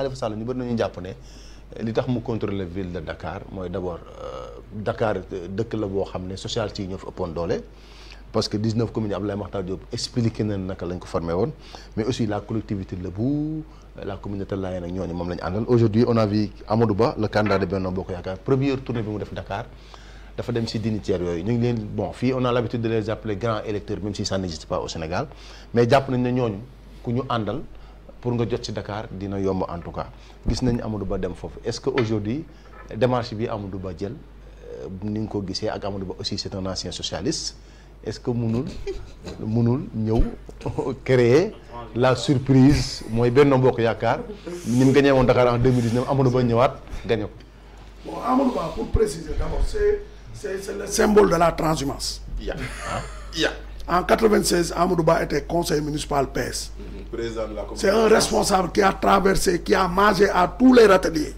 Khalifa Sall ñu bëri nañu jàpp li tax mu contrôler ville de Dakar D'abord, d'abord, euh, Dakar euh, dëkk la bo xamné social ci ñoo fi ëppoon parce que 19 communes ont Abdoulaye Diop expliqué na naka lañ ko mais aussi la collectivité de la communauté la ak la aujourd'hui on a vu Amadou Ba le candidat de Benno Bokk Yaakaar première tournée bi mu Dakar dafa dem été dignitaire yooyu ñu on a l'habitude de les appeler grands électeurs même si ça n'existe pas au Sénégal mais japp nañ ne ñooñu ku ñu andal pour nga jot ci Dakar dina yomb en tout cas gis nañ Amadou Ba dem est-ce que aujourd'hui démarche bi Amadou Ba djel euh, ko ak Amadou Ba aussi c'est un ancien socialiste est-ce que nous nous nous créer la surprise moy Benno mbok yakar ni mu gagné woon Dakar en 2019 Amadou Ba ñewat gagné ko. Amadou Ba pour préciser d'abord c'est c'est le symbole de la transhumance. ya ya en 1996, Amoudouba était conseiller municipal PS. C'est un responsable qui a traversé, qui a mangé à tous les râteliers.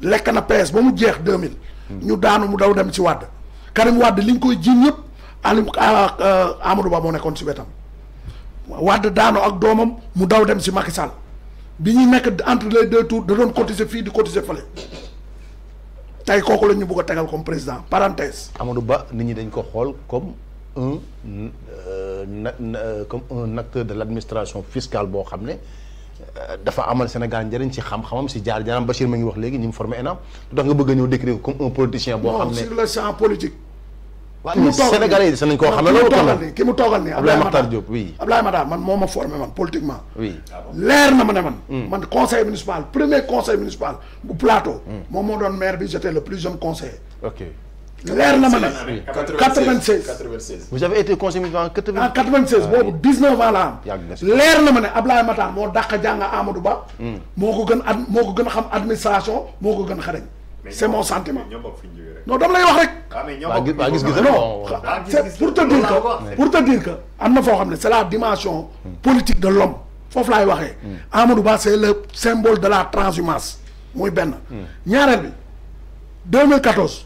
Les canapés. bon, 2000. Nous avons nous avons ci wad karim wad nous ah, ah, amadou ba wad ak domam mu daw dem ci Macky Sall entre les deux tours cotiser cotiser bëgg comme président parenthèse. Amadou Ba nit ñi comme un euh, euh, comme un acteur de l'administration fiscale boo xam ne euh, dafa amal Sénégal njëriñ ci xam-xamam ci jaar jaaram Bachir ma ngi wax léegi ñu mu formé ENAM lu tax nga bëgg a ñëw décrire ko comme un politicien boo xam ne sur xam ne loolu toogal ni ki mu toogal ni Abdoulaye Makhtar moo ma formé man politiquement oui leer na ma ne man hmm. man conseil municipal premier conseil municipal bu plateau hmm. moom moo doon maire bi j'étais le plus jeune conseiller ok leer na ma 96 vous avez été conseiller en 96. en 96 19 ans là. L'air na ma ne Ablaye Matar moo dàq jàng Amadou Ba. Hmm. moo gën ad gën xam administration mon ko gën c'est mon sentiment non dama lay wax rek. Ah, non pour te dire que pour te dire que c'est la dimension hmm. politique de l'homme Faut laay waxee. Hmm. Amadou Ba c'est le symbole de la transhumance muy Ben. ñaareel 2014.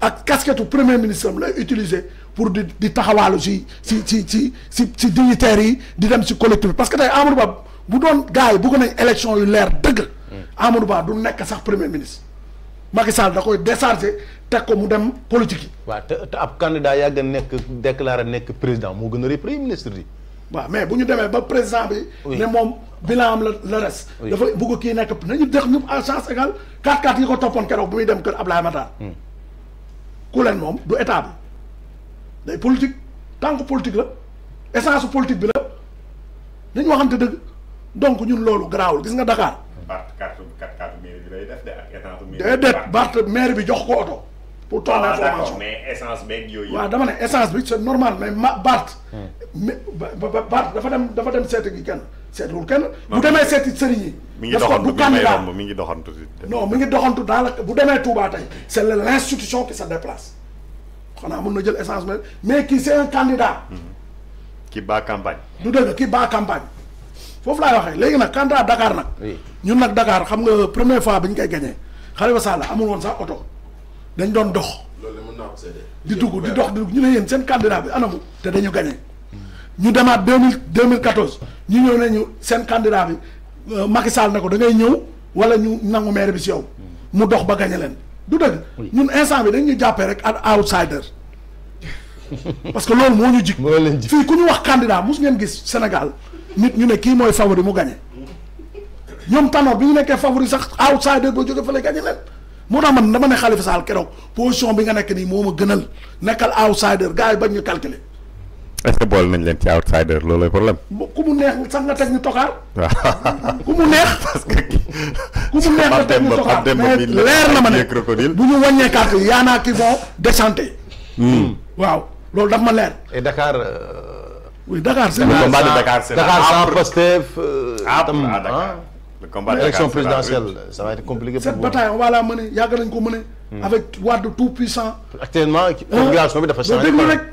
ak casquette premier ministre am lay utiliser pour di di taxawaalu ci ci ci ci si si yi di dem ci collectif parce que tey Amadou Ba bu don gaay bu ko né élection yu leer deug Amadou Ba du nek sax premier ministre. Macky Sall da koy décharger tek ko mu dem politique wa te ap candidat yàgg nek déclarer nek président mo gëna a premier ministre bi. waaw mais buñu ñu ba président bi. né mom bilan am la la res. dafa bëgg kii nekk nañu def ñu à chance égal 4-4 yi ko toppoon keroog bu muy dem kër Ablaye Matar. Hmm. ku leen moom du état bi day politique tant que politique la essence politique bi la dañu waxante dëgg donc ñun loolu garaawul gis nga Dakar. Bart carte carte mairie bi lay def de ak essence. déedéet Bart maire bi jox ko oto. pour ton information ah, mais essence beeg yooyu. waaw dama ne bi c'est normal mais ma Bart. Hmm. mais Bart dafa dem dafa dem seeti gi kenn seetiwul kenn. bu demee seeti sëriñ yi. mu ngi doxantu mi ngi mi ngi doxantu si. non mi ngi doxantu dans la bu demee Touba tey c' est l' institution qui se déplace xanaa mun na jël essence mais kii c' est un baa ki ba campagne. du dëgg ki ba campagne foofu laay waxee léegi nag candidat dakaar nag. ñun nag Dakar xam nga première fois bi ñu koy gagné Khalifa Sall amul woon sax oto dañ doon dox. loolu mën naa di dugg di dox di dugg ñu ne yéen seen candidat bi anamu te dañu gagné. Mm. ñu demaat deux mille deux mille quatorze ñu ñëw ne ñu seen candidat bi. Euh, Macky Sall ne ko da ngay ñëw wala ñu nangu maire bi si yow. Hmm. mu dox ba gañe leen. du dëgg ñun instant bi dañ ñu jàppee rek ak outsider parce que loolu moo ñu jig fii ku ñu wax candidat su ngeen gis Sénégal nit ñu ne kii mooy favori mu gañe ñoom Tanor bi ñu nekkee favori sax outsider boo jóge fa lay gañe leen moo tax man dama ne xalifa Sall keroog position bi nga nekk nii moo ma gënal nekkal outsider gars yi bañ ñu calculer. est bool que nañ leen ci outsider loolooy problème. ku mu neex sax nga teg ñu tokaar. ku mu neex. parce que ku mu neex nga teg ñu tokaar mais leer na ma ne bu ñu wàññee carte yi yaanaa ki vont déchanter. Hmm. Hmm. waaw loolu daf ma leer. et dakaar euh, oui Dakar c'est le combat de Dakar c'est Dakar sans Pastef. tam euh, ah, ah le combat de Dakar élection présidentielle ça va être compliqué. cette bataille on va la mener yàgg nañ ko mener. Hmm. avec Wade tout puissant. actuellement. population bi dafa changé. déglu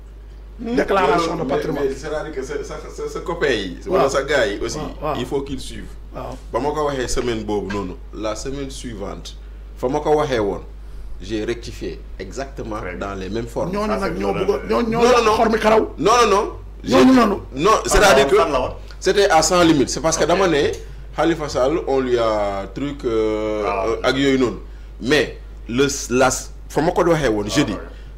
Mmh. déclaration de patrimoine cest à que ce copain gars aussi. il faut qu'il suive. semaine la semaine suivante j'ai rectifié exactement dans les mêmes formes. non non non non non. non c'est-à-dire que c'était à 100 limites. c'est parce que on lui a truc. Euh, ah. mais le la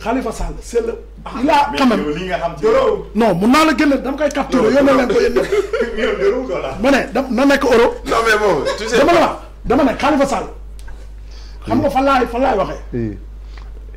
Khalifa Sall c'est le. Ah, il a quand même li nga xam non mun naa la génne dama koy capturer yónnee leen ko yéen ñëpp. ma ne da na nekk euro. non mais bon tu sais dama la wax dama ne Khalifa Sall. xam nga fan laay fan laay waxee.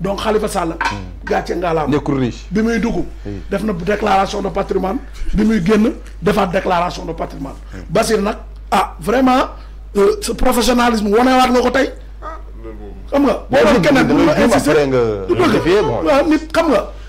donc Khalifa Sall. gàcce ngalaama nekkul riche. bi muy dugg def na déclaration de patrimoine bi muy génn defaat déclaration de patrimoine Basir nag ah vraiment sa euh, professionnalisme wanewaat nga ko tey. Ah, xam nga. boo doon keneen bu ñu la insister du dëgg waaw nit xam nga.